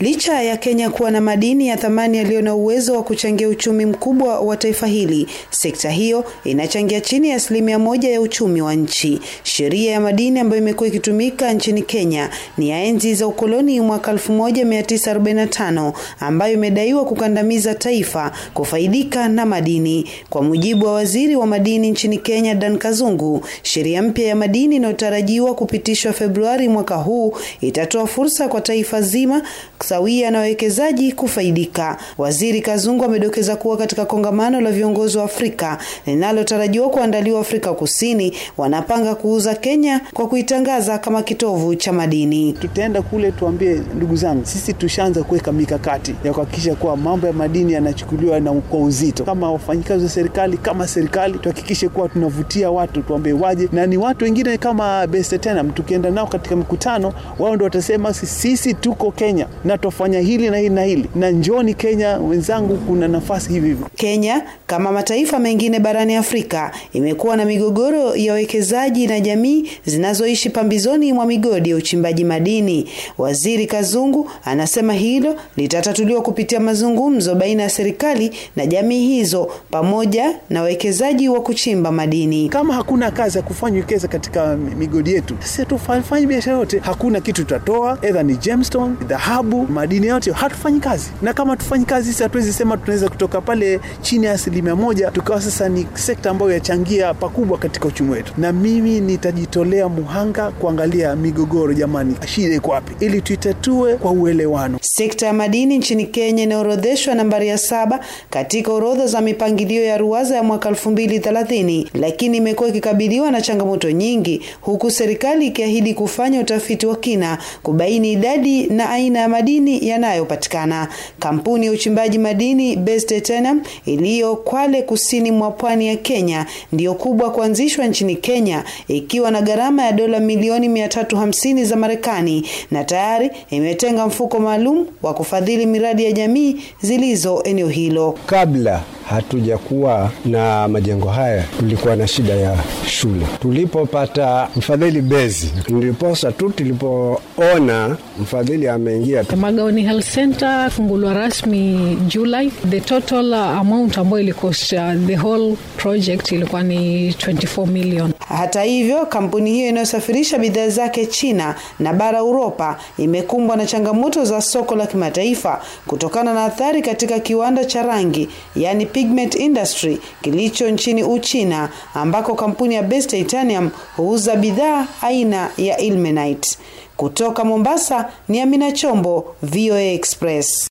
Licha ya Kenya kuwa na madini ya thamani yaliyo na uwezo wa kuchangia uchumi mkubwa wa taifa hili, sekta hiyo inachangia chini ya asilimia moja ya uchumi wa nchi. Sheria ya madini ambayo imekuwa ikitumika nchini Kenya ni ya enzi za ukoloni mwaka 1945 ambayo imedaiwa kukandamiza taifa kufaidika na madini. Kwa mujibu wa waziri wa madini nchini Kenya Dan Kazungu, sheria mpya ya madini inayotarajiwa kupitishwa Februari mwaka huu itatoa fursa kwa taifa zima sawia na wawekezaji kufaidika. Waziri Kazungu amedokeza kuwa katika kongamano la viongozi wa Afrika linalotarajiwa kuandaliwa Afrika Kusini, wanapanga kuuza Kenya kwa kuitangaza kama kitovu cha madini. Tutaenda kule tuambie, ndugu zangu, sisi tushaanza kuweka mikakati ya kuhakikisha kuwa mambo ya madini yanachukuliwa na kwa uzito, kama wafanyikazi wa serikali, kama serikali tuhakikishe kuwa tunavutia watu, tuambie waje, na ni watu wengine kama Best Tena, tukienda nao katika mkutano wao ndio watasema sisi tuko Kenya na atofanya hili na hili na hili, na njoni Kenya wenzangu, kuna nafasi hivi hivi. Kenya kama mataifa mengine barani Afrika imekuwa na migogoro ya wekezaji na jamii zinazoishi pambizoni mwa migodi ya uchimbaji madini. Waziri Kazungu anasema hilo litatatuliwa kupitia mazungumzo baina ya serikali na jamii hizo pamoja na wawekezaji wa kuchimba madini. Kama hakuna kazi ya kufanya wekeza katika migodi yetu, sisi tufanye biashara yote, hakuna kitu tutatoa, edha ni gemstone, dhahabu, madini yote hatufanyi kazi, na kama tufanyi kazi sisi hatuwezi sema tunaweza kutoka pale chini ya asilimia moja tukawa sasa ni sekta ambayo yachangia pakubwa katika uchumi wetu. Na mimi nitajitolea muhanga kuangalia migogoro, jamani, shida iko wapi, ili tuitatue kwa uelewano. Sekta ya madini nchini Kenya inaorodheshwa nambari ya saba katika orodha za mipangilio ya ruwaza ya mwaka elfu mbili thelathini, lakini imekuwa ikikabiliwa na changamoto nyingi, huku serikali ikiahidi kufanya utafiti wa kina kubaini idadi na aina ya madini madini yanayopatikana. Kampuni ya uchimbaji madini Base iliyo Kwale kusini mwa pwani ya Kenya ndiyo kubwa kuanzishwa nchini Kenya ikiwa na gharama ya dola milioni 350 za Marekani na tayari imetenga mfuko maalum wa kufadhili miradi ya jamii zilizo eneo hilo. Kabla hatujakuwa na majengo haya, tulikuwa na shida ya shule. Tulipopata mfadhili Bezi, niliposa tu tulipoona mfadhili ameingia. Magaoni Health Center fungulwa rasmi Julai. The total amount ambayo ilikosha the whole project ilikuwa ni 24 million. Hata hivyo, kampuni hiyo inayosafirisha bidhaa zake China na bara Uropa imekumbwa na changamoto za soko la kimataifa kutokana na athari katika kiwanda cha rangi, yani Pigment Industry kilicho nchini Uchina ambako kampuni ya Best Titanium huuza bidhaa aina ya ilmenite. Kutoka Mombasa ni Amina Chombo, VOA Express.